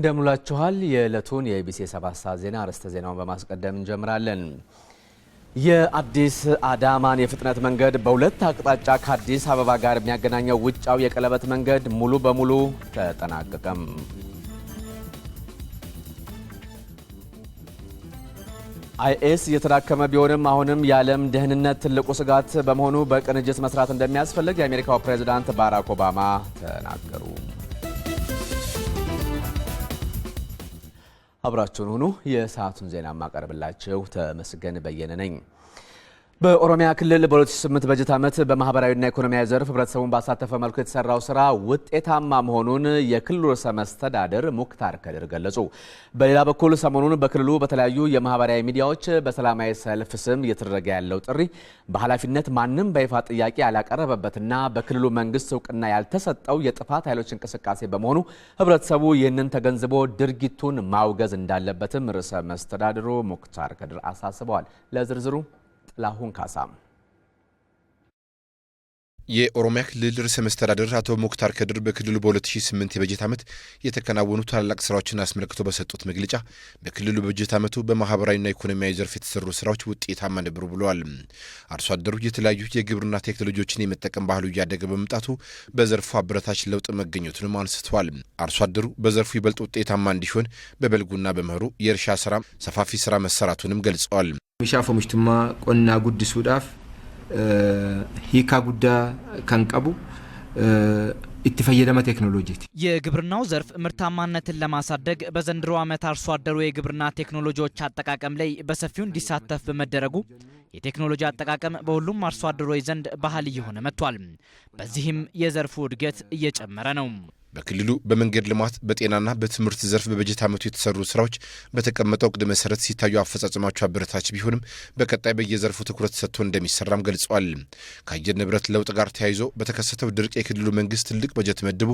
እንደምንላችኋል የዕለቱን የኢቢሲ 7 ሰዓት ዜና አርዕስተ ዜናውን በማስቀደም እንጀምራለን። የአዲስ አዳማን የፍጥነት መንገድ በሁለት አቅጣጫ ከአዲስ አበባ ጋር የሚያገናኘው ውጫዊ የቀለበት መንገድ ሙሉ በሙሉ ተጠናቀቀም። አይኤስ እየተዳከመ ቢሆንም አሁንም የዓለም ደህንነት ትልቁ ስጋት በመሆኑ በቅንጅት መስራት እንደሚያስፈልግ የአሜሪካው ፕሬዚዳንት ባራክ ኦባማ ተናገሩ። አብራችሁን ሁኑ። የሰዓቱን ዜና ማቀርብላችሁ ተመስገን በየነ ነኝ። በኦሮሚያ ክልል በ2008 በጀት ዓመት በማህበራዊና ኢኮኖሚያዊ ዘርፍ ህብረተሰቡን ባሳተፈ መልኩ የተሰራው ስራ ውጤታማ መሆኑን የክልሉ ርዕሰ መስተዳድር ሙክታር ከድር ገለጹ። በሌላ በኩል ሰሞኑን በክልሉ በተለያዩ የማህበራዊ ሚዲያዎች በሰላማዊ ሰልፍ ስም እየተደረገ ያለው ጥሪ በኃላፊነት ማንም በይፋ ጥያቄ ያላቀረበበትና በክልሉ መንግስት እውቅና ያልተሰጠው የጥፋት ኃይሎች እንቅስቃሴ በመሆኑ ህብረተሰቡ ይህንን ተገንዝቦ ድርጊቱን ማውገዝ እንዳለበትም ርዕሰ መስተዳድሩ ሙክታር ከድር አሳስበዋል። ለዝርዝሩ ለአሁን ካሳም የኦሮሚያ ክልል ርዕሰ መስተዳደር አቶ ሙክታር ከድር በክልሉ በ2008 የበጀት ዓመት የተከናወኑ ታላላቅ ስራዎችን አስመልክቶ በሰጡት መግለጫ በክልሉ በበጀት ዓመቱ በማህበራዊና ኢኮኖሚያዊ ዘርፍ የተሰሩ ስራዎች ውጤታማ ነበሩ ብለዋል። አርሶ አደሩ የተለያዩ የግብርና ቴክኖሎጂዎችን የመጠቀም ባህሉ እያደገ በመምጣቱ በዘርፉ አበረታች ለውጥ መገኘቱንም አንስተዋል። አርሶ አደሩ በዘርፉ ይበልጥ ውጤታማ እንዲሆን በበልጉና በመኸሩ የእርሻ ስራ ሰፋፊ ስራ መሰራቱንም ገልጸዋል። Oomishaa fi qonnaa guddisuudhaaf hiika guddaa kan qabu itti fayyadama ቴክኖሎጂት የግብርናው ዘርፍ ምርታማነትን ለማሳደግ በዘንድሮ ዓመት አርሶ አደሩ የግብርና ቴክኖሎጂዎች አጠቃቀም ላይ በሰፊው እንዲሳተፍ በመደረጉ የቴክኖሎጂ አጠቃቀም በሁሉም አርሶ አደሮች ዘንድ ባህል እየሆነ መጥቷል። በዚህም የዘርፉ እድገት እየጨመረ ነው። በክልሉ በመንገድ ልማት በጤናና በትምህርት ዘርፍ በበጀት ዓመቱ የተሰሩ ስራዎች በተቀመጠው እቅድ መሰረት ሲታዩ አፈጻጸማቸው አበረታች ቢሆንም በቀጣይ በየዘርፉ ትኩረት ሰጥቶ እንደሚሰራም ገልጸዋል። ከአየር ንብረት ለውጥ ጋር ተያይዞ በተከሰተው ድርቅ የክልሉ መንግስት ትልቅ በጀት መድቡ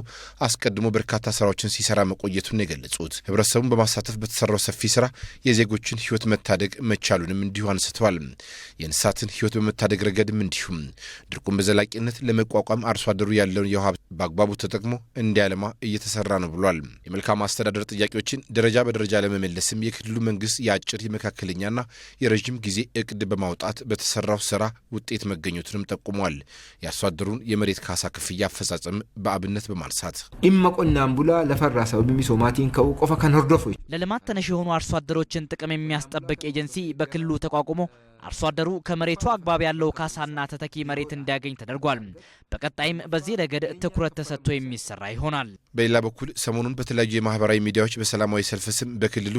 አስቀድሞ በርካታ ስራዎችን ሲሰራ መቆየቱን የገለጹት ህብረተሰቡን በማሳተፍ በተሰራው ሰፊ ስራ የዜጎችን ህይወት መታደግ መቻሉንም እንዲሁ አንስተዋል። የእንስሳትን ህይወት በመታደግ ረገድም እንዲሁም ድርቁን በዘላቂነት ለመቋቋም አርሶ አደሩ ያለውን የውሃ በአግባቡ ተጠቅሞ እንዲያ ለማ እየተሰራ ነው ብሏል። የመልካም አስተዳደር ጥያቄዎችን ደረጃ በደረጃ ለመመለስም የክልሉ መንግስት የአጭር የመካከለኛና የረዥም ጊዜ እቅድ በማውጣት በተሰራው ስራ ውጤት መገኘቱንም ጠቁሟል። የአርሶ አደሩን የመሬት ካሳ ክፍያ አፈጻጸም በአብነት በማንሳት ኢመቆናን ቡላ ለፈራ ሰብ ሚሶማቲን ከው ቆፈ ከን ለልማት ተነሽ የሆኑ አርሶ አደሮችን ጥቅም የሚያስጠበቅ ኤጀንሲ በክልሉ ተቋቁሞ አርሶ አደሩ ከመሬቱ አግባብ ያለው ካሳና ተተኪ መሬት እንዲያገኝ ተደርጓል። በቀጣይም በዚህ ረገድ ትኩረት ተሰጥቶ የሚሰራ ይሆናል። በሌላ በኩል ሰሞኑን በተለያዩ የማህበራዊ ሚዲያዎች በሰላማዊ ሰልፍ ስም በክልሉ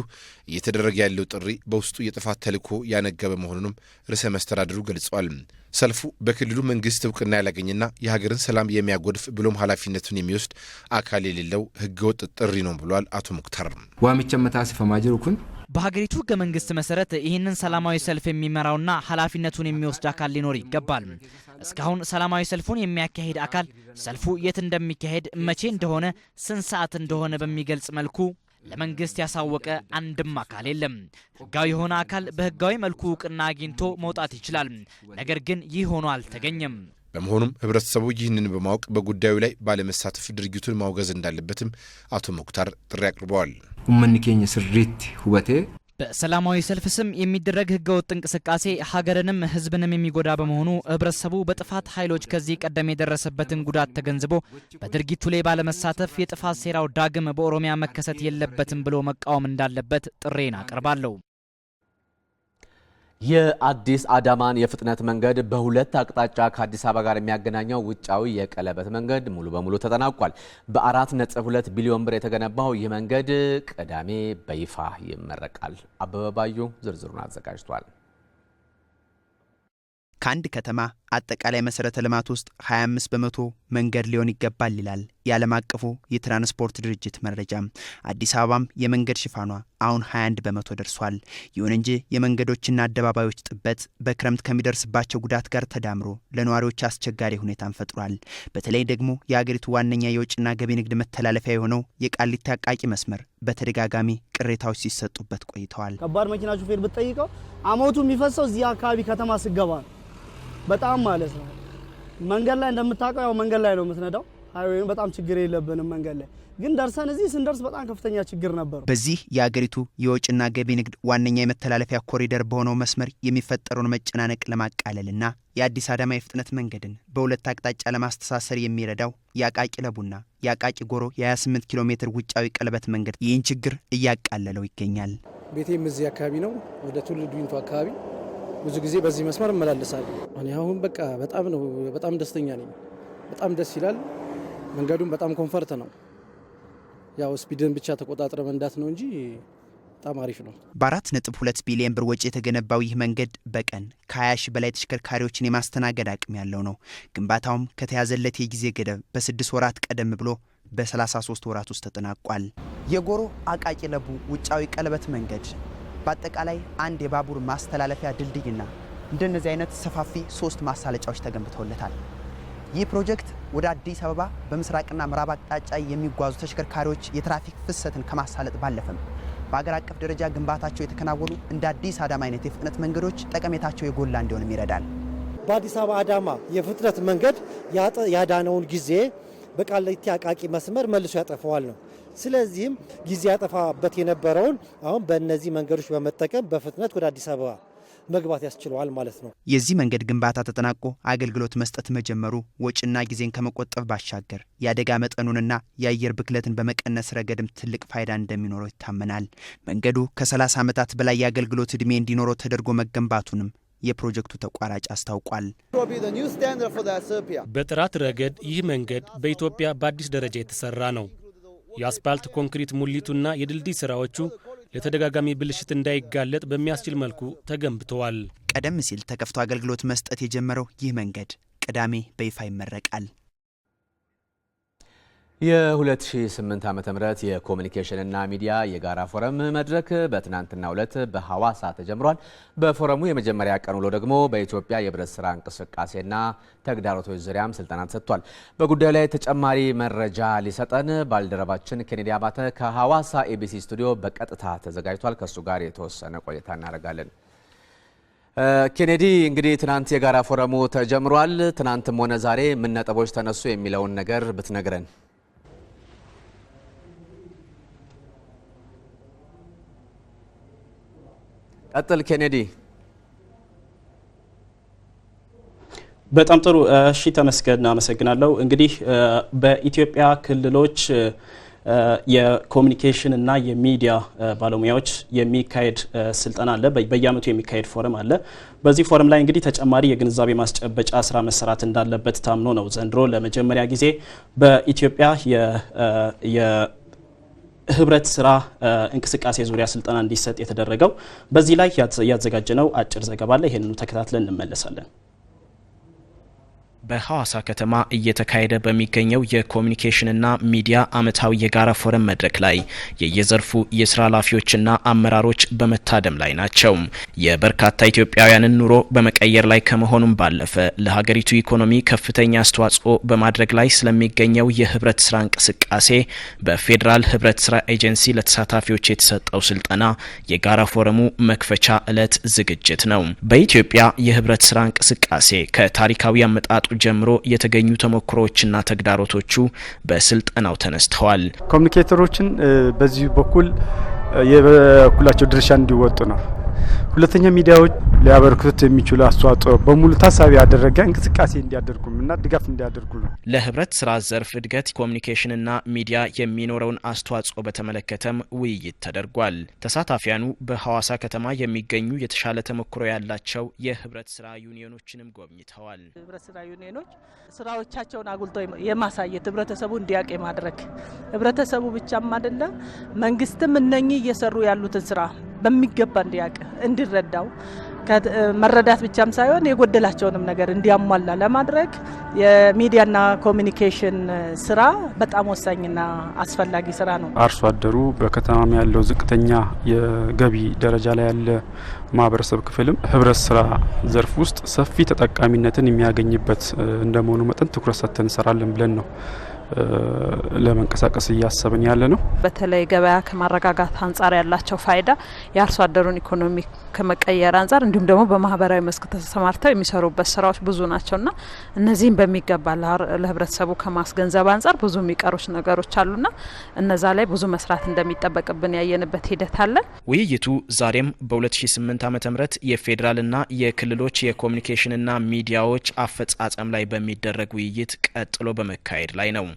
እየተደረገ ያለው ጥሪ በውስጡ የጥፋት ተልዕኮ ያነገበ መሆኑንም ርዕሰ መስተዳድሩ ገልጿል። ሰልፉ በክልሉ መንግስት እውቅና ያላገኝና የሀገርን ሰላም የሚያጎድፍ ብሎም ኃላፊነቱን የሚወስድ አካል የሌለው ህገወጥ ጥሪ ነው ብሏል። አቶ ሙክታር ዋሚቸመታ ሲፈማጅሩ ኩን በሀገሪቱ ህገ መንግስት መሰረት ይህንን ሰላማዊ ሰልፍ የሚመራውና ኃላፊነቱን የሚወስድ አካል ሊኖር ይገባል። እስካሁን ሰላማዊ ሰልፉን የሚያካሄድ አካል ሰልፉ የት እንደሚካሄድ፣ መቼ እንደሆነ፣ ስንት ሰዓት እንደሆነ በሚገልጽ መልኩ ለመንግስት ያሳወቀ አንድም አካል የለም። ህጋዊ የሆነ አካል በህጋዊ መልኩ እውቅና አግኝቶ መውጣት ይችላል። ነገር ግን ይህ ሆኖ አልተገኘም። በመሆኑም ህብረተሰቡ ይህንን በማወቅ በጉዳዩ ላይ ባለመሳተፍ ድርጊቱን ማውገዝ እንዳለበትም አቶ ሙክታር ጥሪ አቅርበዋል። ኡመን ስሪት ሁበቴ በሰላማዊ ሰልፍ ስም የሚደረግ ህገወጥ እንቅስቃሴ ሀገርንም ህዝብንም የሚጎዳ በመሆኑ ህብረተሰቡ በጥፋት ኃይሎች ከዚህ ቀደም የደረሰበትን ጉዳት ተገንዝቦ በድርጊቱ ላይ ባለመሳተፍ የጥፋት ሴራው ዳግም በኦሮሚያ መከሰት የለበትም ብሎ መቃወም እንዳለበት ጥሬን አቀርባለሁ። የአዲስ አዳማን የፍጥነት መንገድ በሁለት አቅጣጫ ከአዲስ አበባ ጋር የሚያገናኘው ውጫዊ የቀለበት መንገድ ሙሉ በሙሉ ተጠናቋል። በ4.2 ቢሊዮን ብር የተገነባው ይህ መንገድ ቅዳሜ በይፋ ይመረቃል። አበበባዩ ዝርዝሩን አዘጋጅቷል። ከአንድ ከተማ አጠቃላይ መሠረተ ልማት ውስጥ 25 በመቶ መንገድ ሊሆን ይገባል ይላል የዓለም አቀፉ የትራንስፖርት ድርጅት መረጃ። አዲስ አበባም የመንገድ ሽፋኗ አሁን 21 በመቶ ደርሷል። ይሁን እንጂ የመንገዶችና አደባባዮች ጥበት በክረምት ከሚደርስባቸው ጉዳት ጋር ተዳምሮ ለነዋሪዎች አስቸጋሪ ሁኔታን ፈጥሯል። በተለይ ደግሞ የአገሪቱ ዋነኛ የውጭና ገቢ ንግድ መተላለፊያ የሆነው የቃሊቲ አቃቂ መስመር በተደጋጋሚ ቅሬታዎች ሲሰጡበት ቆይተዋል። ከባድ መኪና ሹፌር ብትጠይቀው አመቱ የሚፈሰው እዚህ አካባቢ ከተማ ስገባ ነው በጣም ማለት ነው። መንገድ ላይ እንደምታውቀው ያው መንገድ ላይ ነው የምትነዳው። ሀይዌ በጣም ችግር የለብንም መንገድ ላይ ግን ደርሰን እዚህ ስንደርስ በጣም ከፍተኛ ችግር ነበሩ። በዚህ የአገሪቱ የወጭና ገቢ ንግድ ዋነኛ የመተላለፊያ ኮሪደር በሆነው መስመር የሚፈጠረውን መጨናነቅ ለማቃለልና የአዲስ አዳማ የፍጥነት መንገድን በሁለት አቅጣጫ ለማስተሳሰር የሚረዳው የአቃቂ ለቡና የአቃቂ ጎሮ የ28 ኪሎ ሜትር ውጫዊ ቀለበት መንገድ ይህን ችግር እያቃለለው ይገኛል። ቤቴም እዚህ አካባቢ ነው። ወደ ትውልድ ዊንቶ አካባቢ ብዙ ጊዜ በዚህ መስመር እመላለሳለሁ። እኔ አሁን በቃ በጣም ነው በጣም ደስተኛ ነኝ። በጣም ደስ ይላል። መንገዱም በጣም ኮንፈርት ነው። ያው ስፒድን ብቻ ተቆጣጥረ መንዳት ነው እንጂ በጣም አሪፍ ነው። በአራት ነጥብ ሁለት ቢሊዮን ብር ወጪ የተገነባው ይህ መንገድ በቀን ከ20 ሺህ በላይ ተሽከርካሪዎችን የማስተናገድ አቅም ያለው ነው። ግንባታውም ከተያዘለት የጊዜ ገደብ በስድስት ወራት ቀደም ብሎ በ33 ወራት ውስጥ ተጠናቋል። የጎሮ አቃቂ ለቡ ውጫዊ ቀለበት መንገድ በአጠቃላይ አንድ የባቡር ማስተላለፊያ ድልድይና እንደነዚህ አይነት ሰፋፊ ሶስት ማሳለጫዎች ተገንብተውለታል። ይህ ፕሮጀክት ወደ አዲስ አበባ በምስራቅና ምዕራብ አቅጣጫ የሚጓዙ ተሽከርካሪዎች የትራፊክ ፍሰትን ከማሳለጥ ባለፈም በአገር አቀፍ ደረጃ ግንባታቸው የተከናወኑ እንደ አዲስ አዳማ አይነት የፍጥነት መንገዶች ጠቀሜታቸው የጎላ እንዲሆንም ይረዳል። በአዲስ አበባ አዳማ የፍጥነት መንገድ ያዳነውን ጊዜ በቃሊቲ አቃቂ መስመር መልሶ ያጠፈዋል ነው ስለዚህም ጊዜ ያጠፋበት የነበረውን አሁን በእነዚህ መንገዶች በመጠቀም በፍጥነት ወደ አዲስ አበባ መግባት ያስችለዋል ማለት ነው። የዚህ መንገድ ግንባታ ተጠናቆ አገልግሎት መስጠት መጀመሩ ወጪና ጊዜን ከመቆጠብ ባሻገር የአደጋ መጠኑንና የአየር ብክለትን በመቀነስ ረገድም ትልቅ ፋይዳ እንደሚኖረው ይታመናል። መንገዱ ከ30 ዓመታት በላይ የአገልግሎት ዕድሜ እንዲኖረው ተደርጎ መገንባቱንም የፕሮጀክቱ ተቋራጭ አስታውቋል። በጥራት ረገድ ይህ መንገድ በኢትዮጵያ በአዲስ ደረጃ የተሰራ ነው። የአስፓልት ኮንክሪት ሙሊቱና የድልድይ ሥራዎቹ ለተደጋጋሚ ብልሽት እንዳይጋለጥ በሚያስችል መልኩ ተገንብተዋል። ቀደም ሲል ተከፍቶ አገልግሎት መስጠት የጀመረው ይህ መንገድ ቅዳሜ በይፋ ይመረቃል። የ2008 ዓ.ም የኮሚኒኬሽንና ሚዲያ የጋራ ፎረም መድረክ በትናንትናው ዕለት በሐዋሳ ተጀምሯል። በፎረሙ የመጀመሪያ ቀን ውሎ ደግሞ በኢትዮጵያ የህብረት ስራ እንቅስቃሴና ተግዳሮቶች ዙሪያም ስልጠና ተሰጥቷል። በጉዳዩ ላይ ተጨማሪ መረጃ ሊሰጠን ባልደረባችን ኬኔዲ አባተ ከሐዋሳ ኤቢሲ ስቱዲዮ በቀጥታ ተዘጋጅቷል። ከእሱ ጋር የተወሰነ ቆይታ እናደርጋለን። ኬኔዲ እንግዲህ ትናንት የጋራ ፎረሙ ተጀምሯል። ትናንትም ሆነ ዛሬ ምን ነጥቦች ተነሱ የሚለውን ነገር ብትነግረን ቀጥል ኬኔዲ። በጣም ጥሩ እሺ፣ ተመስገን አመሰግናለሁ። እንግዲህ በኢትዮጵያ ክልሎች የኮሚኒኬሽን እና የሚዲያ ባለሙያዎች የሚካሄድ ስልጠና አለ። በየአመቱ የሚካሄድ ፎረም አለ። በዚህ ፎረም ላይ እንግዲህ ተጨማሪ የግንዛቤ ማስጨበጫ ስራ መሰራት እንዳለበት ታምኖ ነው ዘንድሮ ለመጀመሪያ ጊዜ በኢትዮጵያ ህብረት ስራ እንቅስቃሴ ዙሪያ ስልጠና እንዲሰጥ የተደረገው። በዚህ ላይ ያዘጋጀነው አጭር ዘገባ አለ ይህንኑ ተከታትለን እንመለሳለን። በሐዋሳ ከተማ እየተካሄደ በሚገኘው የኮሚኒኬሽንና ሚዲያ አመታዊ የጋራ ፎረም መድረክ ላይ የየዘርፉ የስራ ኃላፊዎችና አመራሮች በመታደም ላይ ናቸው። የበርካታ ኢትዮጵያውያንን ኑሮ በመቀየር ላይ ከመሆኑም ባለፈ ለሀገሪቱ ኢኮኖሚ ከፍተኛ አስተዋጽኦ በማድረግ ላይ ስለሚገኘው የህብረት ስራ እንቅስቃሴ በፌዴራል ህብረት ስራ ኤጀንሲ ለተሳታፊዎች የተሰጠው ስልጠና የጋራ ፎረሙ መክፈቻ ዕለት ዝግጅት ነው። በኢትዮጵያ የህብረት ስራ እንቅስቃሴ ከታሪካዊ አመጣጡ ጀምሮ የተገኙ ተሞክሮዎችና ተግዳሮቶቹ በስልጠናው ተነስተዋል። ኮሚኒኬተሮችን በዚህ በኩል የበኩላቸው ድርሻ እንዲወጡ ነው ሁለተኛ ሚዲያዎች ሊያበረክቱት የሚችሉ አስተዋጽኦ በሙሉ ታሳቢ ያደረገ እንቅስቃሴ እንዲያደርጉም እና ድጋፍ እንዲያደርጉ ነው። ለህብረት ስራ ዘርፍ እድገት ኮሚኒኬሽንና ሚዲያ የሚኖረውን አስተዋጽኦ በተመለከተም ውይይት ተደርጓል። ተሳታፊያኑ በሐዋሳ ከተማ የሚገኙ የተሻለ ተሞክሮ ያላቸው የህብረት ስራ ዩኒዮኖችንም ጎብኝተዋል። ህብረት ስራ ዩኒዮኖች ስራዎቻቸውን አጉልቶ የማሳየት ህብረተሰቡ እንዲያውቅ የማድረግ ህብረተሰቡ ብቻም አይደለም መንግስትም እነኚህ እየሰሩ ያሉትን ስራ በሚገባ እንዲያውቅ እንዲረዳው መረዳት ብቻም ሳይሆን የጎደላቸውንም ነገር እንዲያሟላ ለማድረግ የሚዲያና ኮሚኒኬሽን ስራ በጣም ወሳኝና አስፈላጊ ስራ ነው። አርሶ አደሩ በከተማም ያለው ዝቅተኛ የገቢ ደረጃ ላይ ያለ ማህበረሰብ ክፍልም ህብረት ስራ ዘርፍ ውስጥ ሰፊ ተጠቃሚነትን የሚያገኝበት እንደመሆኑ መጠን ትኩረት ሰጥተን እንሰራለን ብለን ነው ለመንቀሳቀስ እያሰብን ያለ ነው። በተለይ ገበያ ከማረጋጋት አንጻር ያላቸው ፋይዳ የአርሶ አደሩን ኢኮኖሚ ከመቀየር አንጻር እንዲሁም ደግሞ በማህበራዊ መስክ ተሰማርተው የሚሰሩበት ስራዎች ብዙ ና እነዚህም በሚገባ ለህብረተሰቡ ከማስገንዘብ አንጻር ብዙ የሚቀሩች ነገሮች ና እነዛ ላይ ብዙ መስራት እንደሚጠበቅብን ያየንበት ሂደት አለ። ውይይቱ ዛሬም በ2008 ዓ ም የፌዴራልና የክልሎች የኮሚኒኬሽንና ሚዲያዎች አፈጻጸም ላይ በሚደረግ ውይይት ቀጥሎ በመካሄድ ላይ ነው።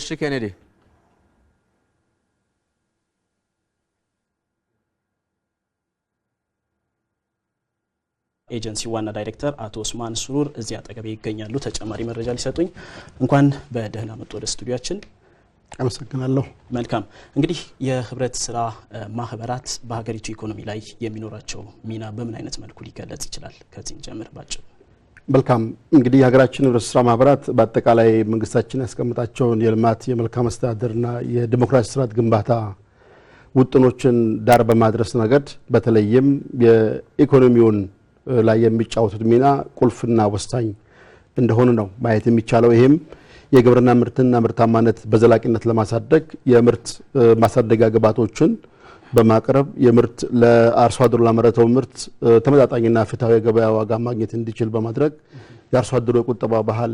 እሺ ኬኔዲ ኤጀንሲ ዋና ዳይሬክተር አቶ ኡስማን ስሩር እዚህ አጠገቤ ይገኛሉ። ተጨማሪ መረጃ ሊሰጡኝ። እንኳን በደህና መጡ ወደ ስቱዲያችን። አመሰግናለሁ። መልካም እንግዲህ የህብረት ስራ ማህበራት በሀገሪቱ ኢኮኖሚ ላይ የሚኖራቸው ሚና በምን አይነት መልኩ ሊገለጽ ይችላል? ከዚህ ጀምር ባጭሩ መልካም እንግዲህ የሀገራችን ህብረት ስራ ማህበራት በአጠቃላይ መንግስታችን ያስቀምጣቸውን የልማት የመልካም አስተዳደርና የዲሞክራሲ ስርዓት ግንባታ ውጥኖችን ዳር በማድረስ ነገድ በተለይም የኢኮኖሚውን ላይ የሚጫወቱት ሚና ቁልፍና ወሳኝ እንደሆኑ ነው ማየት የሚቻለው። ይህም የግብርና ምርትና ምርታማነት በዘላቂነት ለማሳደግ የምርት ማሳደጊያ ግባቶችን። በማቅረብ የምርት ለአርሶ አደሩ ላመረተው ምርት ተመጣጣኝና ፍትሐዊ የገበያ ዋጋ ማግኘት እንዲችል በማድረግ የአርሶ አደሩ የቁጠባ ባህል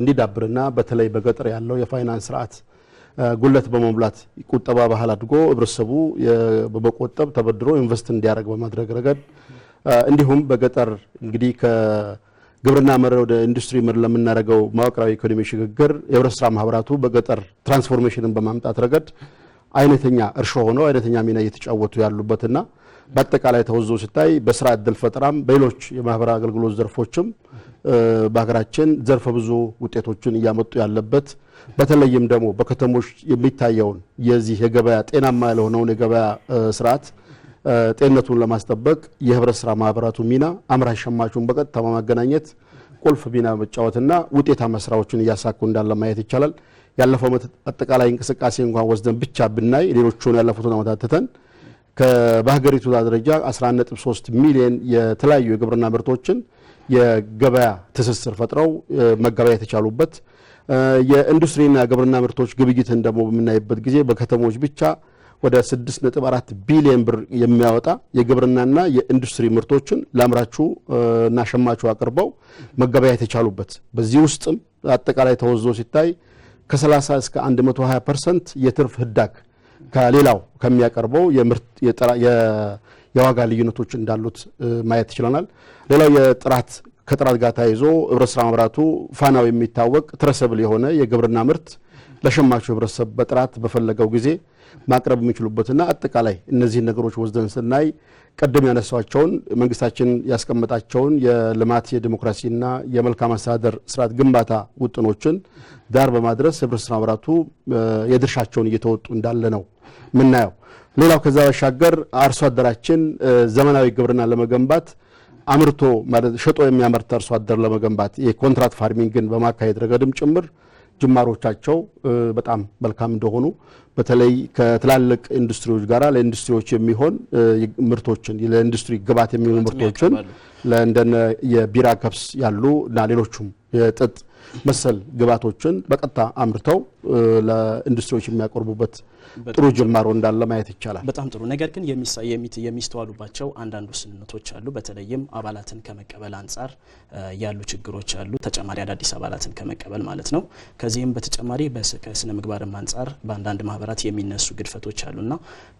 እንዲዳብርና በተለይ በገጠር ያለው የፋይናንስ ስርዓት ጉለት በመሙላት ቁጠባ ባህል አድጎ ህብረተሰቡ በመቆጠብ ተበድሮ ኢንቨስት እንዲያደርግ በማድረግ ረገድ እንዲሁም በገጠር እንግዲህ ከግብርና መር ወደ ኢንዱስትሪ መር ለምናደርገው መዋቅራዊ ኢኮኖሚ ሽግግር የህብረት ስራ ማህበራቱ በገጠር ትራንስፎርሜሽንን በማምጣት ረገድ አይነተኛ እርሾ ሆነው አይነተኛ ሚና እየተጫወቱ ያሉበትና በአጠቃላይ ተወዞ ሲታይ በስራ እድል ፈጠራም በሌሎች የማህበራዊ አገልግሎት ዘርፎችም በሀገራችን ዘርፈ ብዙ ውጤቶችን እያመጡ ያለበት በተለይም ደግሞ በከተሞች የሚታየውን የዚህ የገበያ ጤናማ ያልሆነውን የገበያ ስርዓት ጤንነቱን ለማስጠበቅ የህብረት ስራ ማህበራቱ ሚና አምራች ሸማቹን በቀጥታ በማገናኘት ቁልፍ ሚና መጫወትና ውጤታማ ስራዎችን እያሳኩ እንዳለ ማየት ይቻላል። ያለፈው ዓመት አጠቃላይ እንቅስቃሴ እንኳን ወስደን ብቻ ብናይ ሌሎቹን ያለፉትን ዓመታት ትተን በሀገሪቱ ደረጃ 13 ሚሊዮን የተለያዩ የግብርና ምርቶችን የገበያ ትስስር ፈጥረው መገበያ የተቻሉበት የኢንዱስትሪና ግብርና ምርቶች ግብይትን ደግሞ በምናይበት ጊዜ በከተሞች ብቻ ወደ 6.4 ቢሊዮን ብር የሚያወጣ የግብርናና የኢንዱስትሪ ምርቶችን ለአምራቹ እና ሸማቹ አቅርበው መገበያ የተቻሉበት በዚህ ውስጥም አጠቃላይ ተወዞ ሲታይ ከ30 እስከ 120 ፐርሰንት የትርፍ ህዳግ ከሌላው ከሚያቀርበው የዋጋ ልዩነቶች እንዳሉት ማየት ይችለናል። ሌላው የጥራት ከጥራት ጋር ተያይዞ ህብረት ስራ መብራቱ ፋናው የሚታወቅ ትረሰብል የሆነ የግብርና ምርት ለሸማቹ ህብረተሰብ በጥራት በፈለገው ጊዜ ማቅረብ የሚችሉበትና አጠቃላይ እነዚህን ነገሮች ወስደን ስናይ ቀደም ያነሷቸውን መንግስታችን ያስቀመጣቸውን የልማት የዲሞክራሲና የመልካም አስተዳደር ስርዓት ግንባታ ውጥኖችን ዳር በማድረስ ህብረተሰብ አብራቱ የድርሻቸውን እየተወጡ እንዳለ ነው ምናየው። ሌላው ከዛ ባሻገር አርሶ አደራችን ዘመናዊ ግብርና ለመገንባት አምርቶ ማለት ሸጦ የሚያመርት አርሶ አደር ለመገንባት የኮንትራት ፋርሚንግን በማካሄድ ረገድም ጭምር ጅማሮቻቸው በጣም መልካም እንደሆኑ በተለይ ከትላልቅ ኢንዱስትሪዎች ጋር ለኢንዱስትሪዎች የሚሆን ምርቶችን ለኢንዱስትሪ ግብዓት የሚሆኑ ምርቶችን ለእንደነ የቢራ ከብስ ያሉ እና ሌሎቹም የጥጥ መሰል ግብዓቶችን በቀጥታ አምርተው ለኢንዱስትሪዎች የሚያቀርቡበት ጥሩ ጅማሮ እንዳለ ማየት ይቻላል። በጣም ጥሩ። ነገር ግን የሚስተዋሉባቸው አንዳንድ ውስንነቶች አሉ። በተለይም አባላትን ከመቀበል አንጻር ያሉ ችግሮች አሉ። ተጨማሪ አዳዲስ አባላትን ከመቀበል ማለት ነው። ከዚህም በተጨማሪ ከስነ ምግባርም አንጻር በአንዳንድ ማህበራት የሚነሱ ግድፈቶች አሉና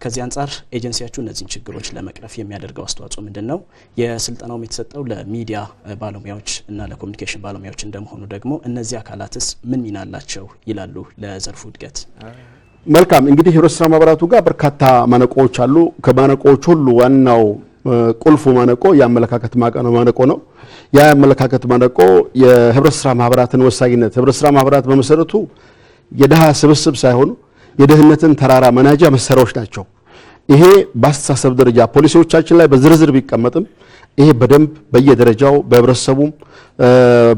ከዚህ አንጻር ኤጀንሲያችሁ እነዚህን ችግሮች ለመቅረፍ የሚያደርገው አስተዋጽኦ ምንድን ነው? የስልጠናውም የተሰጠው ለሚዲያ ባለሙያዎች እና ለኮሚኒኬሽን ባለሙያዎች እንደመሆኑ ደግሞ እነዚህ አካላትስ ምን ሚና አላቸው ይላሉ ለዘርፉ እድገት? መልካም እንግዲህ ህብረት ስራ ማህበራቱ ጋር በርካታ ማነቆዎች አሉ። ከማነቆዎች ሁሉ ዋናው ቁልፉ ማነቆ የአመለካከት ማነቆ ነው። ያ የአመለካከት ማነቆ የህብረት ስራ ማህበራትን ወሳኝነት ህብረት ስራ ማህበራት በመሰረቱ የድሃ ስብስብ ሳይሆኑ የድህነትን ተራራ መናጃ መሳሪያዎች ናቸው። ይሄ በአስተሳሰብ ደረጃ ፖሊሲዎቻችን ላይ በዝርዝር ቢቀመጥም ይሄ በደንብ በየደረጃው በህብረተሰቡም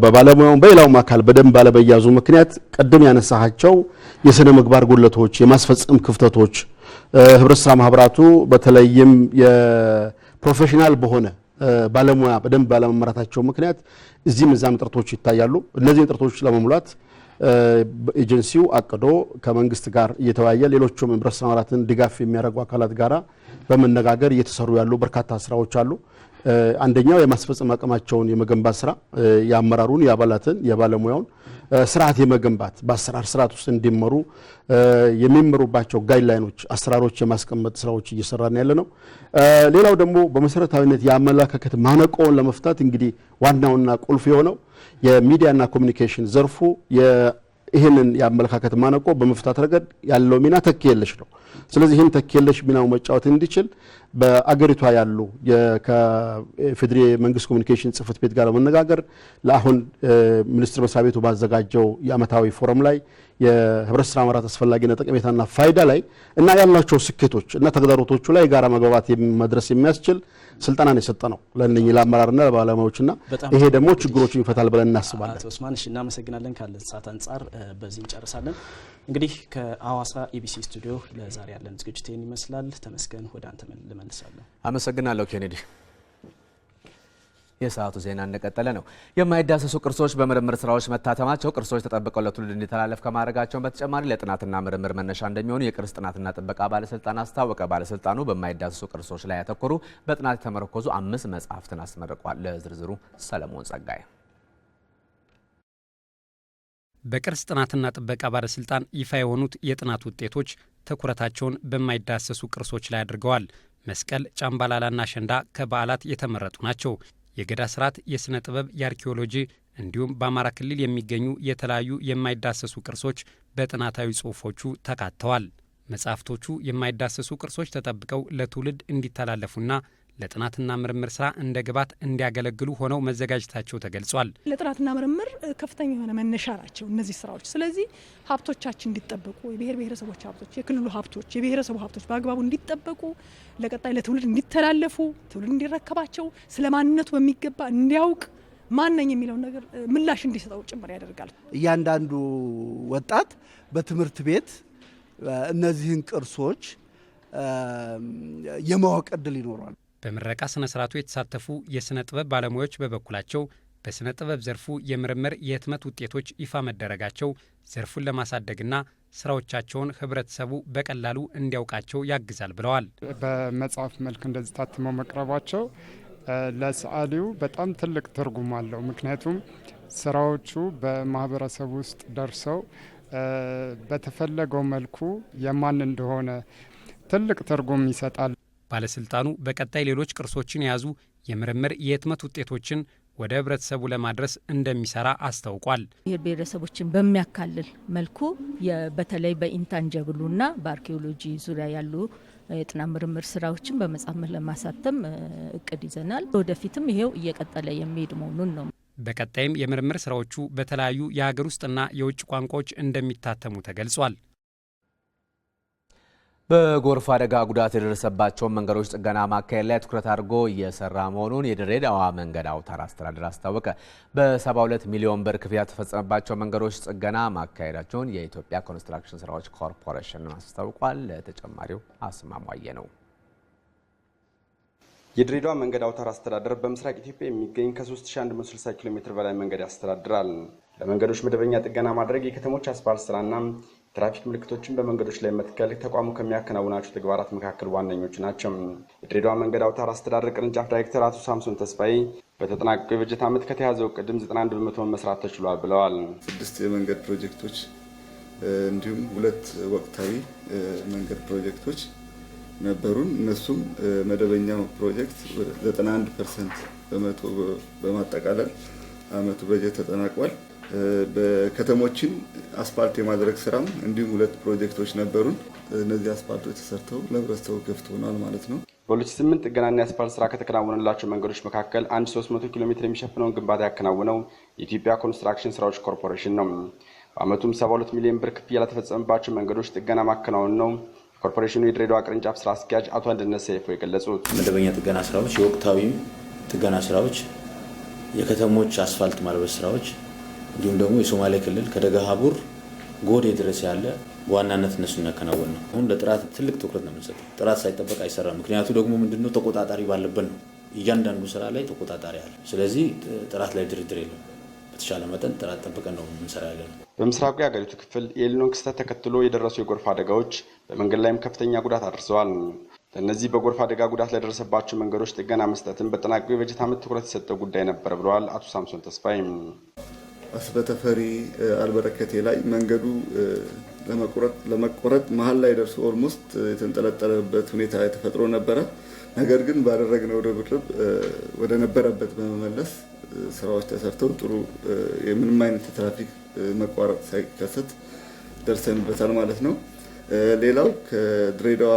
በባለሙያውም በሌላውም አካል በደንብ ባለመያዙ ምክንያት ቀደም ያነሳቸው የስነ ምግባር ጉለቶች፣ የማስፈጸም ክፍተቶች ህብረት ስራ ማህበራቱ በተለይም የፕሮፌሽናል በሆነ ባለሙያ በደንብ ባለመመራታቸው ምክንያት እዚህም እዛም ጥረቶች ይታያሉ። እነዚህን ጥረቶች ለመሙላት ኤጀንሲው አቅዶ ከመንግስት ጋር እየተወያየ ሌሎቹም ህብረት ስራ ማህበራትን ድጋፍ የሚያደርጉ አካላት ጋር በመነጋገር እየተሰሩ ያሉ በርካታ ስራዎች አሉ። አንደኛው የማስፈጸም አቅማቸውን የመገንባት ስራ የአመራሩን፣ የአባላትን፣ የባለሙያውን ስርዓት የመገንባት በአሰራር ስርዓት ውስጥ እንዲመሩ የሚመሩባቸው ጋይድላይኖች፣ አሰራሮች የማስቀመጥ ስራዎች እየሰራን ያለ ነው። ሌላው ደግሞ በመሰረታዊነት የአመለካከት ማነቆውን ለመፍታት እንግዲህ ዋናውና ቁልፍ የሆነው የሚዲያና ኮሚኒኬሽን ዘርፉ ይህንን የአመለካከት ማነቆ በመፍታት ረገድ ያለው ሚና ተኪ የለሽ ነው። ስለዚህ ይህን ተኬለሽ ሚናው መጫወት እንዲችል በአገሪቷ ያሉ ከፌድሪ መንግስት ኮሚኒኬሽን ጽህፈት ቤት ጋር በመነጋገር ለአሁን ሚኒስትር መስሪያ ቤቱ ባዘጋጀው የአመታዊ ፎረም ላይ የህብረት ስራ ማራት አስፈላጊነት ጠቀሜታና ፋይዳ ላይ እና ያላቸው ስኬቶች እና ተግዳሮቶቹ ላይ ጋራ መግባባት መድረስ የሚያስችል ስልጠናን የሰጠ ነው ለእነኝ ለአመራርና ለባለሙያዎችና ይሄ ደግሞ ችግሮችን ይፈታል ብለን እናስባለን። አቶ እናመሰግናለን። ካለ ሰዓት አንጻር በዚህ እንጨርሳለን። እንግዲህ ከአዋሳ ኢቢሲ ስቱዲዮ ለዛሬ ያለን ዝግጅት ይመስላል። ተመስገን፣ ወደ አንተ ልመልሳለን። አመሰግናለሁ ኬኔዲ። የሰዓቱ ዜና እንደቀጠለ ነው። የማይዳሰሱ ቅርሶች በምርምር ስራዎች መታተማቸው ቅርሶች ተጠብቀው ለትውልድ እንዲተላለፍ ከማድረጋቸውን በተጨማሪ ለጥናትና ምርምር መነሻ እንደሚሆኑ የቅርስ ጥናትና ጥበቃ ባለስልጣን አስታወቀ። ባለስልጣኑ በማይዳሰሱ ቅርሶች ላይ ያተኮሩ በጥናት የተመረኮዙ አምስት መጽሐፍትን አስመርቋል። ለዝርዝሩ ሰለሞን ጸጋይ በቅርስ ጥናትና ጥበቃ ባለስልጣን ይፋ የሆኑት የጥናት ውጤቶች ትኩረታቸውን በማይዳሰሱ ቅርሶች ላይ አድርገዋል። መስቀል፣ ጫምባላላና ሸንዳ ከበዓላት የተመረጡ ናቸው። የገዳ ስርዓት፣ የሥነ ጥበብ፣ የአርኪኦሎጂ እንዲሁም በአማራ ክልል የሚገኙ የተለያዩ የማይዳሰሱ ቅርሶች በጥናታዊ ጽሑፎቹ ተካተዋል። መጻሕፍቶቹ የማይዳሰሱ ቅርሶች ተጠብቀው ለትውልድ እንዲተላለፉና ለጥናትና ምርምር ስራ እንደ ግብዓት እንዲያገለግሉ ሆነው መዘጋጀታቸው ተገልጿል። ለጥናትና ምርምር ከፍተኛ የሆነ መነሻ ናቸው እነዚህ ስራዎች። ስለዚህ ሀብቶቻችን እንዲጠበቁ የብሔር ብሔረሰቦች ሀብቶች፣ የክልሉ ሀብቶች፣ የብሔረሰቡ ሀብቶች በአግባቡ እንዲጠበቁ ለቀጣይ ለትውልድ እንዲተላለፉ ትውልድ እንዲረከባቸው ስለ ማንነቱ በሚገባ እንዲያውቅ ማነኝ የሚለውን ነገር ምላሽ እንዲሰጠው ጭምር ያደርጋል። እያንዳንዱ ወጣት በትምህርት ቤት እነዚህን ቅርሶች የማወቅ እድል ይኖረዋል። በምረቃ ስነ ስርዓቱ የተሳተፉ የሥነ ጥበብ ባለሙያዎች በበኩላቸው በሥነ ጥበብ ዘርፉ የምርምር የህትመት ውጤቶች ይፋ መደረጋቸው ዘርፉን ለማሳደግና ስራዎቻቸውን ህብረተሰቡ በቀላሉ እንዲያውቃቸው ያግዛል ብለዋል። በመጽሐፍ መልክ እንደዚህ ታትመው መቅረባቸው ለሰዓሊው በጣም ትልቅ ትርጉም አለው። ምክንያቱም ስራዎቹ በማህበረሰብ ውስጥ ደርሰው በተፈለገው መልኩ የማን እንደሆነ ትልቅ ትርጉም ይሰጣል። ባለስልጣኑ በቀጣይ ሌሎች ቅርሶችን የያዙ የምርምር የህትመት ውጤቶችን ወደ ህብረተሰቡ ለማድረስ እንደሚሰራ አስታውቋል። ብሔር ብሔረሰቦችን በሚያካልል መልኩ በተለይ በኢንታንጀብሉና በአርኪኦሎጂ ዙሪያ ያሉ የጥና ምርምር ስራዎችን በመጻምር ለማሳተም እቅድ ይዘናል። ወደፊትም ይሄው እየቀጠለ የሚሄድ መሆኑን ነው። በቀጣይም የምርምር ስራዎቹ በተለያዩ የሀገር ውስጥና የውጭ ቋንቋዎች እንደሚታተሙ ተገልጿል። በጎርፍ አደጋ ጉዳት የደረሰባቸውን መንገዶች ጥገና ማካሄድ ላይ ትኩረት አድርጎ እየሰራ መሆኑን የድሬዳዋ መንገድ አውታር አስተዳደር አስታወቀ። በ72 ሚሊዮን ብር ክፍያ የተፈጸመባቸው መንገዶች ጥገና ማካሄዳቸውን የኢትዮጵያ ኮንስትራክሽን ስራዎች ኮርፖሬሽን አስታውቋል። ለተጨማሪው አስማሟየ ነው። የድሬዳዋ መንገድ አውታር አስተዳደር በምስራቅ ኢትዮጵያ የሚገኝ ከ3160 ኪሎ ሜትር በላይ መንገድ ያስተዳድራል። ለመንገዶች መደበኛ ጥገና ማድረግ የከተሞች አስፋልት ስራና ትራፊክ ምልክቶችን በመንገዶች ላይ መትከል ተቋሙ ከሚያከናውናቸው ተግባራት መካከል ዋነኞቹ ናቸው። የድሬዳዋ መንገድ አውታር አስተዳደር ቅርንጫፍ ዳይሬክተር አቶ ሳምሶን ተስፋዬ በተጠናቀቀው የበጀት ዓመት ከተያዘው ቅድም 91 በመቶ መስራት ተችሏል ብለዋል። ስድስት የመንገድ ፕሮጀክቶች እንዲሁም ሁለት ወቅታዊ መንገድ ፕሮጀክቶች ነበሩን። እነሱም መደበኛው ፕሮጀክት 91 ፐርሰንት በመቶ በማጠቃለል አመቱ በጀት ተጠናቋል። በከተሞችን አስፓልት የማድረግ ስራም እንዲሁም ሁለት ፕሮጀክቶች ነበሩን። እነዚህ አስፓልቶች ተሰርተው ለህብረተሰቡ ክፍት ሆኗል ማለት ነው። በ2008 ጥገናና የአስፓልት ስራ ከተከናወነላቸው መንገዶች መካከል 1300 ኪሎ ሜትር የሚሸፍነውን ግንባታ ያከናውነው የኢትዮጵያ ኮንስትራክሽን ስራዎች ኮርፖሬሽን ነው። በአመቱም 72 ሚሊዮን ብር ክፍያ ለተፈጸመባቸው መንገዶች ጥገና ማከናወን ነው ኮርፖሬሽኑ የድሬዳዋ ቅርንጫፍ ስራ አስኪያጅ አቶ አንድነት ሰይፎ የገለጹት። መደበኛ ጥገና ስራዎች፣ የወቅታዊ ጥገና ስራዎች፣ የከተሞች አስፋልት ማልበስ ስራዎች እንዲሁም ደግሞ የሶማሌ ክልል ከደገሃቡር ጎዴ ድረስ ያለ በዋናነት እነሱ የሚያከናወን ነው። አሁን ለጥራት ትልቅ ትኩረት ነው የምንሰጠው። ጥራት ሳይጠበቅ አይሰራም። ምክንያቱ ደግሞ ምንድነው ተቆጣጣሪ ባለበት ነው። እያንዳንዱ ስራ ላይ ተቆጣጣሪ አለ። ስለዚህ ጥራት ላይ ድርድር የለም። በተሻለ መጠን ጥራት ጠብቀን ነው የምንሰራ ያለ ነው። በምስራቁ የሀገሪቱ ክፍል የኤልኒኖን ክስተት ተከትሎ የደረሱ የጎርፍ አደጋዎች በመንገድ ላይም ከፍተኛ ጉዳት አድርሰዋል። ለእነዚህ በጎርፍ አደጋ ጉዳት ለደረሰባቸው መንገዶች ጥገና መስጠትን በተጠናቀቀው የበጀት ዓመት ትኩረት የሰጠው ጉዳይ ነበር ብለዋል አቶ ሳምሶን ተስፋይ። አስበተፈሪ አልበረከቴ ላይ መንገዱ ለመቆረጥ መሀል ላይ ደርሶ ኦልሞስት የተንጠለጠለበት ሁኔታ ተፈጥሮ ነበረ። ነገር ግን ባደረግነው ርብርብ ወደ ነበረበት በመመለስ ስራዎች ተሰርተው ጥሩ የምንም አይነት የትራፊክ መቋረጥ ሳይከሰት ደርሰንበታል ማለት ነው። ሌላው ከድሬዳዋ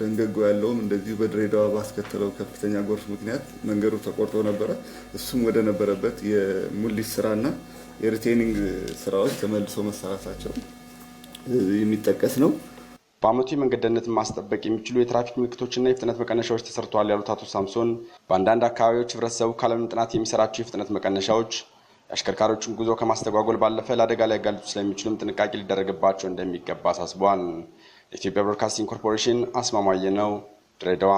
ደንገጎ ያለውም እንደዚሁ በድሬዳዋ ባስከተለው ከፍተኛ ጎርፍ ምክንያት መንገዱ ተቆርጦ ነበረ። እሱም ወደ ነበረበት የሙሊት ስራና የሪቴኒንግ ስራዎች ተመልሶ መሰራታቸው የሚጠቀስ ነው። በአመቱ የመንገድ ደህንነትን ማስጠበቅ የሚችሉ የትራፊክ ምልክቶችና የፍጥነት መቀነሻዎች ተሰርተዋል ያሉት አቶ ሳምሶን በአንዳንድ አካባቢዎች ህብረተሰቡ ካለምንም ጥናት የሚሰራቸው የፍጥነት መቀነሻዎች የአሽከርካሪዎችን ጉዞ ከማስተጓጎል ባለፈ ለአደጋ ላይ ያጋልጡ ስለሚችሉም ጥንቃቄ ሊደረግባቸው እንደሚገባ አሳስቧል። ለኢትዮጵያ ብሮድካስቲንግ ኮርፖሬሽን አስማማየ ነው፣ ድሬዳዋ።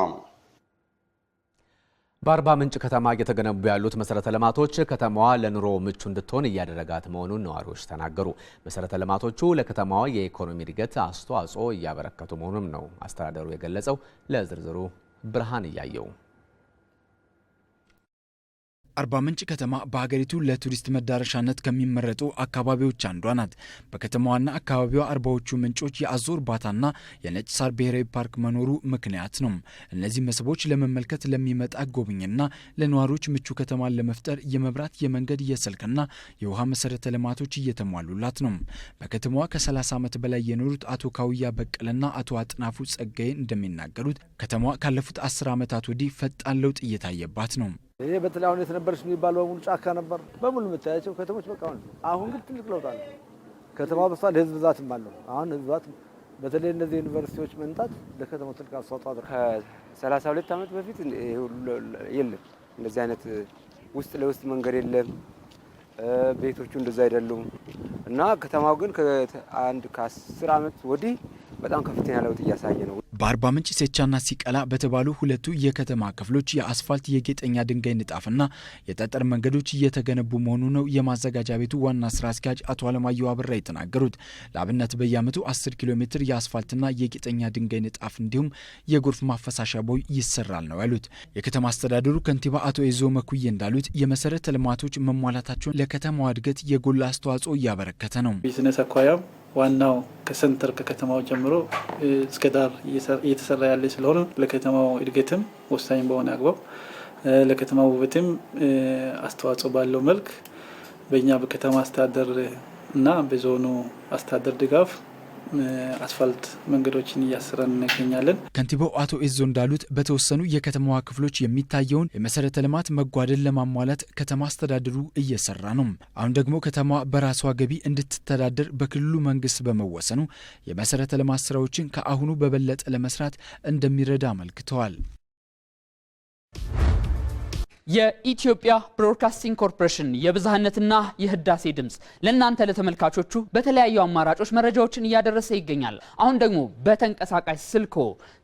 በአርባ ምንጭ ከተማ እየተገነቡ ያሉት መሰረተ ልማቶች ከተማዋ ለኑሮ ምቹ እንድትሆን እያደረጋት መሆኑን ነዋሪዎች ተናገሩ። መሰረተ ልማቶቹ ለከተማዋ የኢኮኖሚ እድገት አስተዋጽኦ እያበረከቱ መሆኑም ነው አስተዳደሩ የገለጸው። ለዝርዝሩ ብርሃን እያየው አርባ ምንጭ ከተማ በሀገሪቱ ለቱሪስት መዳረሻነት ከሚመረጡ አካባቢዎች አንዷ ናት። በከተማዋና አካባቢዋ አርባዎቹ ምንጮች የአዞ እርባታና የነጭ ሳር ብሔራዊ ፓርክ መኖሩ ምክንያት ነው። እነዚህ መስህቦች ለመመልከት ለሚመጣ ጎብኝና ለነዋሪዎች ምቹ ከተማን ለመፍጠር የመብራት፣ የመንገድ፣ የስልክና የውሃ መሰረተ ልማቶች እየተሟሉላት ነው። በከተማዋ ከ30 ዓመት በላይ የኖሩት አቶ ካውያ በቀለና አቶ አጥናፉ ጸጋዬ እንደሚናገሩት ከተማዋ ካለፉት አስር ዓመታት ወዲህ ፈጣን ለውጥ እየታየባት ነው። ይሄ በተለይ አሁን የተነበረች የሚባል በሙሉ ጫካ ነበር። በሙሉ የምታያቸው ከተሞች በቃ አሁን አሁን ግን ትልቅ ለውጥ አለ። ከተማ በስቷል። ህዝብ ብዛትም አለው። አሁን ህዝብ ብዛት በተለይ እነዚህ ዩኒቨርሲቲዎች መምጣት ለከተማው ትልቅ አስተዋጽኦ አድርጓል። ከሰላሳ ሁለት ዓመት በፊት የለም እንደዚህ አይነት ውስጥ ለውስጥ መንገድ የለም። ቤቶቹ እንደዛ አይደሉም እና ከተማው ግን ከአንድ ከአስር ዓመት ወዲህ በጣም ከፍተኛ ለውጥ እያሳየ ነው። በአርባ ምንጭ ሴቻና ሲቀላ በተባሉ ሁለቱ የከተማ ክፍሎች የአስፋልት የጌጠኛ ድንጋይ ንጣፍና የጠጠር መንገዶች እየተገነቡ መሆኑ ነው የማዘጋጃ ቤቱ ዋና ስራ አስኪያጅ አቶ አለማየሁ አብራ የተናገሩት። ለአብነት በየዓመቱ 10 ኪሎ ሜትር የአስፋልትና የጌጠኛ ድንጋይ ንጣፍ እንዲሁም የጎርፍ ማፈሳሻ ቦይ ይሰራል ነው ያሉት። የከተማ አስተዳደሩ ከንቲባ አቶ ኤዞ መኩዬ እንዳሉት የመሰረተ ልማቶች መሟላታቸውን ለከተማዋ እድገት የጎላ አስተዋጽኦ እያበረከተ ነው። ቢዝነስ አኳያም ዋናው ከሰንተር ከከተማው ጀምሮ እስከ ዳር እየተሰራ ያለ ስለሆነ ለከተማው እድገትም ወሳኝ በሆነ አግባብ ለከተማው ውበትም አስተዋጽኦ ባለው መልክ በእኛ በከተማ አስተዳደር እና በዞኑ አስተዳደር ድጋፍ አስፋልት መንገዶችን እያሰራን እንገኛለን። ከንቲባው አቶ ኤዞ እንዳሉት በተወሰኑ የከተማዋ ክፍሎች የሚታየውን የመሰረተ ልማት መጓደል ለማሟላት ከተማ አስተዳደሩ እየሰራ ነው። አሁን ደግሞ ከተማዋ በራሷ ገቢ እንድትተዳደር በክልሉ መንግስት በመወሰኑ የመሰረተ ልማት ስራዎችን ከአሁኑ በበለጠ ለመስራት እንደሚረዳ አመልክተዋል። የኢትዮጵያ ብሮድካስቲንግ ኮርፖሬሽን የብዝሃነትና የህዳሴ ድምፅ ለእናንተ ለተመልካቾቹ በተለያዩ አማራጮች መረጃዎችን እያደረሰ ይገኛል። አሁን ደግሞ በተንቀሳቃሽ ስልኮ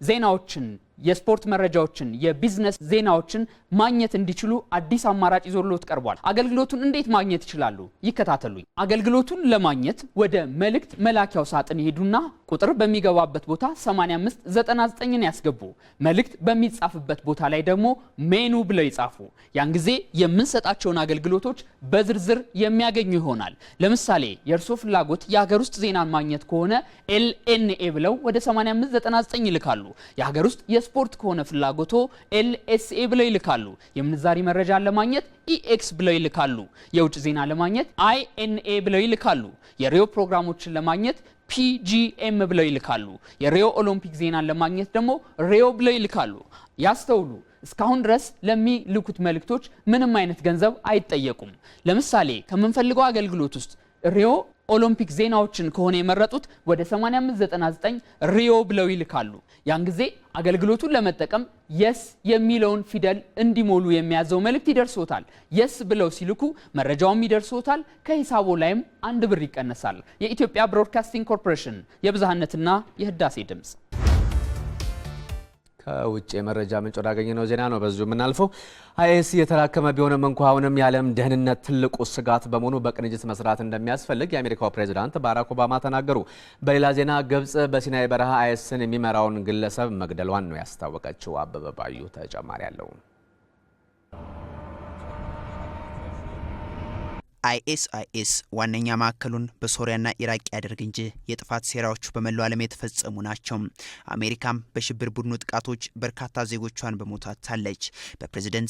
ዜናዎችን የስፖርት መረጃዎችን፣ የቢዝነስ ዜናዎችን ማግኘት እንዲችሉ አዲስ አማራጭ ይዞልዎት ቀርቧል። አገልግሎቱን እንዴት ማግኘት ይችላሉ? ይከታተሉኝ። አገልግሎቱን ለማግኘት ወደ መልእክት መላኪያው ሳጥን ይሄዱና ቁጥር በሚገባበት ቦታ 8599ን ያስገቡ። መልእክት በሚጻፍበት ቦታ ላይ ደግሞ ሜኑ ብለው ይጻፉ። ያን ጊዜ የምንሰጣቸውን አገልግሎቶች በዝርዝር የሚያገኙ ይሆናል። ለምሳሌ የእርስዎ ፍላጎት የሀገር ውስጥ ዜናን ማግኘት ከሆነ ኤልኤንኤ ብለው ወደ 8599 ይልካሉ። የሀገር ውስጥ ስፖርት ከሆነ ፍላጎቶ ኤልኤስኤ ብለው ይልካሉ። የምንዛሪ መረጃን ለማግኘት ኢኤክስ ብለው ይልካሉ። የውጭ ዜና ለማግኘት አይኤንኤ ብለው ይልካሉ። የሬዮ ፕሮግራሞችን ለማግኘት ፒጂኤም ብለው ይልካሉ። የሬዮ ኦሎምፒክ ዜናን ለማግኘት ደግሞ ሬዮ ብለው ይልካሉ። ያስተውሉ። እስካሁን ድረስ ለሚልኩት መልእክቶች ምንም አይነት ገንዘብ አይጠየቁም። ለምሳሌ ከምንፈልገው አገልግሎት ውስጥ ሪዮ ኦሎምፒክ ዜናዎችን ከሆነ የመረጡት ወደ 8599 ሪዮ ብለው ይልካሉ። ያን ጊዜ አገልግሎቱን ለመጠቀም የስ የሚለውን ፊደል እንዲሞሉ የሚያዘው መልእክት ይደርሶታል። የስ ብለው ሲልኩ መረጃውም ይደርሶታል። ከሂሳቡ ላይም አንድ ብር ይቀነሳል። የኢትዮጵያ ብሮድካስቲንግ ኮርፖሬሽን የብዝሃነትና የህዳሴ ድምፅ ከውጭ የመረጃ ምንጭ ወዳገኘነው ዜና ነው በዚሁ የምናልፈው። አይኤስ እየተራከመ ቢሆንም እንኳ አሁንም የዓለም ደህንነት ትልቁ ስጋት በመሆኑ በቅንጅት መስራት እንደሚያስፈልግ የአሜሪካው ፕሬዚዳንት ባራክ ኦባማ ተናገሩ። በሌላ ዜና ግብጽ በሲናይ በረሃ አይኤስን የሚመራውን ግለሰብ መግደሏን ነው ያስታወቀችው። አበበባዩ ተጨማሪ አለው። አይኤስአይኤስ ዋነኛ ማዕከሉን በሶሪያና ኢራቅ ያደርግ እንጂ የጥፋት ሴራዎቹ በመላው ዓለም የተፈጸሙ ናቸው። አሜሪካም በሽብር ቡድኑ ጥቃቶች በርካታ ዜጎቿን በሞት አጥታለች። በፕሬዝደንት